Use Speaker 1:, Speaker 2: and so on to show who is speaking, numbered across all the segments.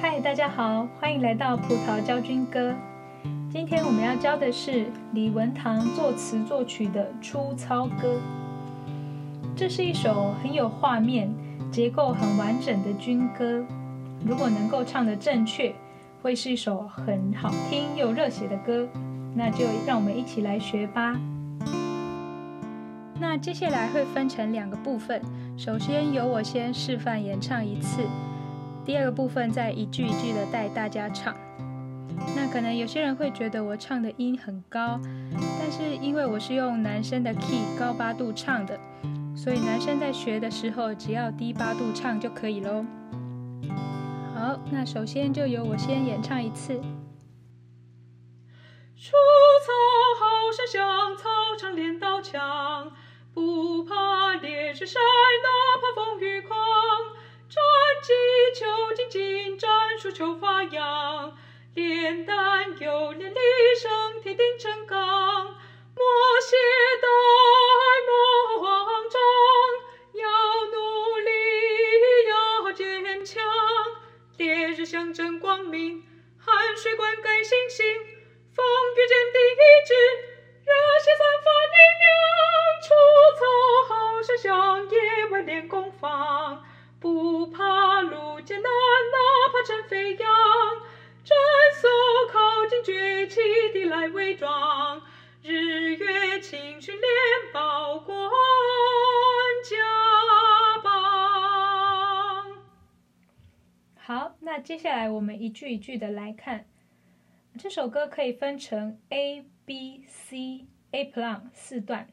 Speaker 1: 嗨，大家好，歡迎來到葡萄教軍歌。今天我們要教的是李文堂作詞作曲的《出操歌》。這是一首很有畫面、結構很完整的軍歌。如果能夠唱得正確，會是一首很好聽又熱血的歌。那就讓我們一起來學吧。那接下來會分成兩個部分，首先由我先示範演唱一次，第二個部分再一句一句的帶大家唱。那可能有些人會覺得我唱的音很高，但是因為我是用男生的 key 高八度唱的，所以男生在學的時候只要低八度唱就可以嘍。好，那首先就由我先演唱一次。出操
Speaker 2: 號聲響，操場練刀槍，不怕烈日曬，哪怕風雨狂。戰技求精進，戰術求發揚。練膽又練力，生鐵定成鋼。莫懈怠，莫慌張，要努力，要堅強。烈日象徵光明，汗水灌溉信心。風雨堅定意志，熱血散發力量。出操號聲響，野外練攻防。不怕路艱難，哪怕塵飛揚。偵搜靠警覺，欺敵賴偽裝。日夜勤訓練，保國安家邦。好，那接下
Speaker 1: 來我們一句一句的來看。這首歌可以分成 A、B、C、A Plan 四段。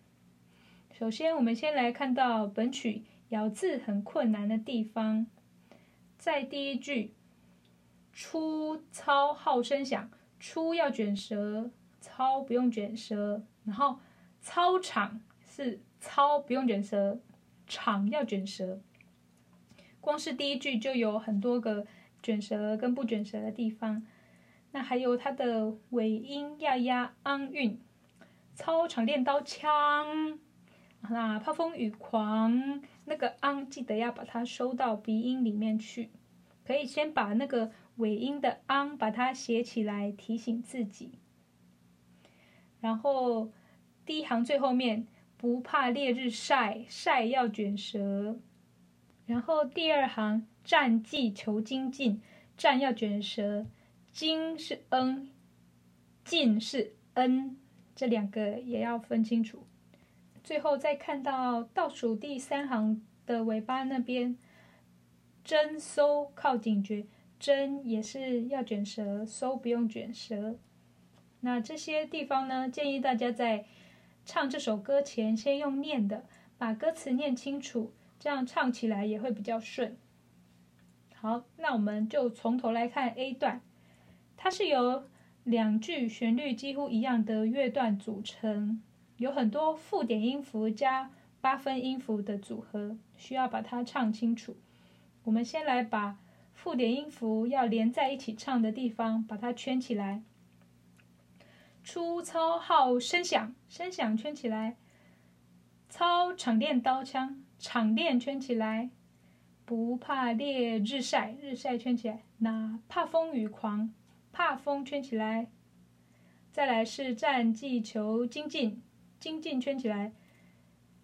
Speaker 1: 首先，我們先來看到本曲咬字很困難的地方，在第一句“出操號聲響”，“出”要捲舌，“操”不用捲舌；然後“操場”是“操”不用捲舌，“場”要捲舌。光是第一句就有很多個捲舌跟不捲舌的地方。那還有它的尾音呀呀昂韻，操場練刀槍，那、啊、怕風雨狂，那個昂記得要把它收到鼻音裡面去，可以先把那個尾音的昂把它寫起來提醒自己。然後第一行最後面不怕烈日曬，曬要捲舌。然後第二行戰技求精進，戰要捲舌。精是嗯，進是嗯，這兩個也要分清楚。最後再看到倒數第三行的尾巴那邊，偵搜靠警覺，偵也是要卷舌，搜不用卷舌。那這些地方呢，建議大家在唱這首歌前先用念的，把歌詞念清楚，這樣唱起來也會比較順。好，那我們就從頭來看 A 段。它是由兩句旋律幾乎一樣的樂段組成，有很多附點音符加八分音符的組合，需要把它唱清楚。我們先來把附點音符要連在一起唱的地方把它圈起來。出操號聲響，聲響圈起來；操場練刀槍，場練圈起來；不怕烈日曬，日曬圈起來；哪怕風雨狂。怕風圈起來，再來是戰技求精進，精進圈起來，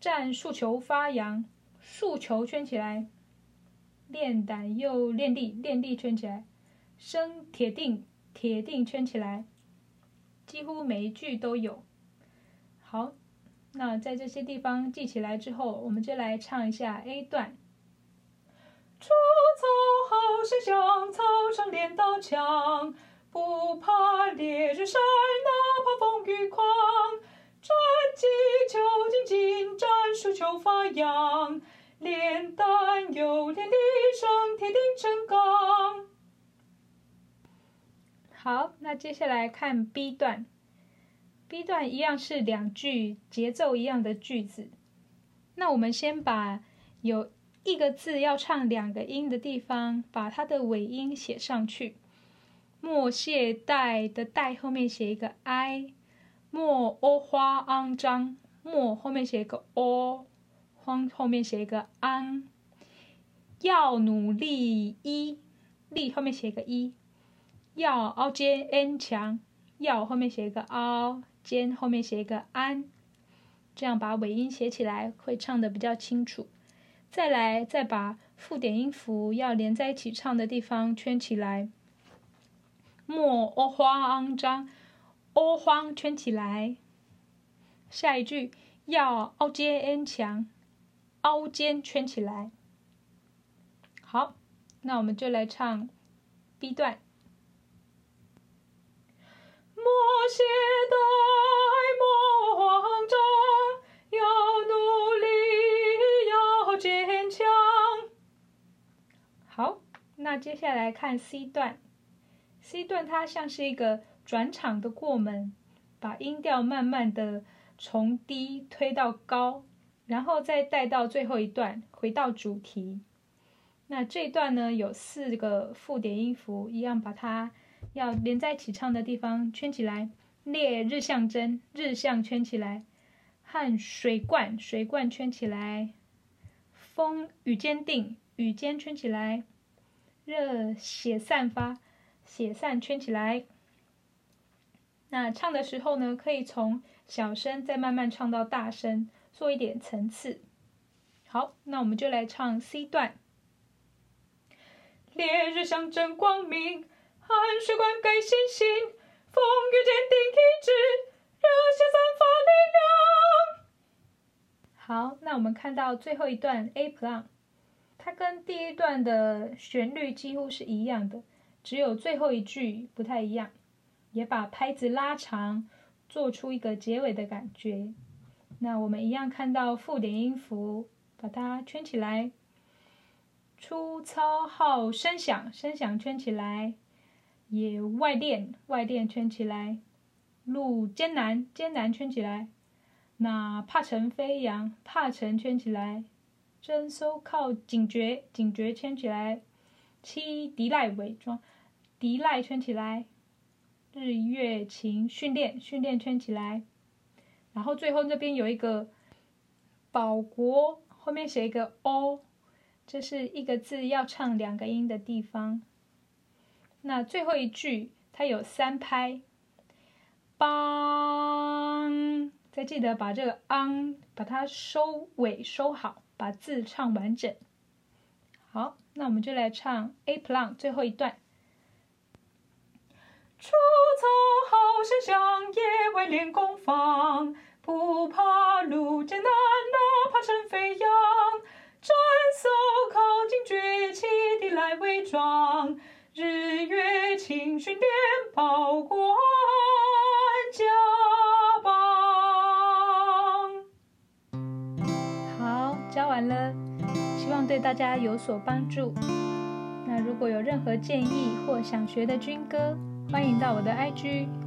Speaker 1: 戰術求發揚，術求圈起來，練膽又練力，練力圈起來，生鐵定，鐵定圈起來，幾乎每一句都有。好，那在這些地方記起來之後，我們就來唱一下
Speaker 2: A 段。出操號聲響，操場練刀槍。烈日曬，哪怕風雨狂，戰技求精進,進，戰術求發揚，練膽又練力，生鐵定成鋼。
Speaker 1: 好，那接下來看 B 段，B 段一樣是兩句節奏一樣的句子。那我們先把有一個字要唱兩個音的地方，把它的尾音寫上去。莫懈怠的怠後面寫一個哀，莫哦花骯髒，莫後面寫一個哦，荒後面寫一個昂，要努力一力後面寫一個一，要凹肩 n 強，要後面寫一個凹，肩後面寫一個安。這樣把尾音寫起來會唱得比較清楚。再來，再把附點音符要連在一起唱的地方圈起來。莫慌張，喔慌圈起來。下一句要堅強，喔堅圈起來。好，那我們就來唱 B 段。
Speaker 2: 莫懈怠，莫慌張，要努力，要堅強。
Speaker 1: 好，那接下來看 C 段。C 段它像是一個轉場的過門，把音調慢慢的從低推到高，然後再帶到最後一段，回到主題。那這段呢，有四個附點音符，一樣把它要連在一起唱的地方圈起來。烈日象徵，日象圈起來；汗水灌，水灌圈起來；風雨堅定，雨堅圈起來；熱血散發。寫散圈起來。那唱的時候呢，可以從小聲再慢慢唱到大聲，做一點層次。好，那我
Speaker 2: 們就來唱 C 段。烈日象徵光明，汗水灌溉信心，風雨堅定意志，熱血散發力量。
Speaker 1: 好，那我們看到最後一段 A plan，它跟第一段的旋律幾乎是一樣的。只有最後一句不太一樣，也把拍子拉長，做出一個結尾的感覺。那我們一樣看到附點音符，把它圈起來。出操號聲響聲響圈起來，野外電外電圈起來，路艱難艱難圈起來，那怕塵飛揚怕塵圈起來，偵搜靠警覺警覺圈起來，欺敵賴偽裝。敵賴圈起來，日夜勤訓練訓練圈起來。然後最後那邊有一個保國，後面寫一個 o，這是一個字要唱兩個音的地方。那最後一句它有三拍，邦，再記得把這個昂、嗯、n 把它收尾收好，把字唱完整。好，那我們就來唱 A Plan 最後一段。
Speaker 2: 外練攻防，不怕路艱難，哪怕塵飛揚。偵搜靠警覺，欺敵賴偽裝，日夜勤訓練，保國安家邦。好，教完了，
Speaker 1: 希望對大家有所幫助。那如果有任何建議或想學的軍歌，歡迎到我的 IG。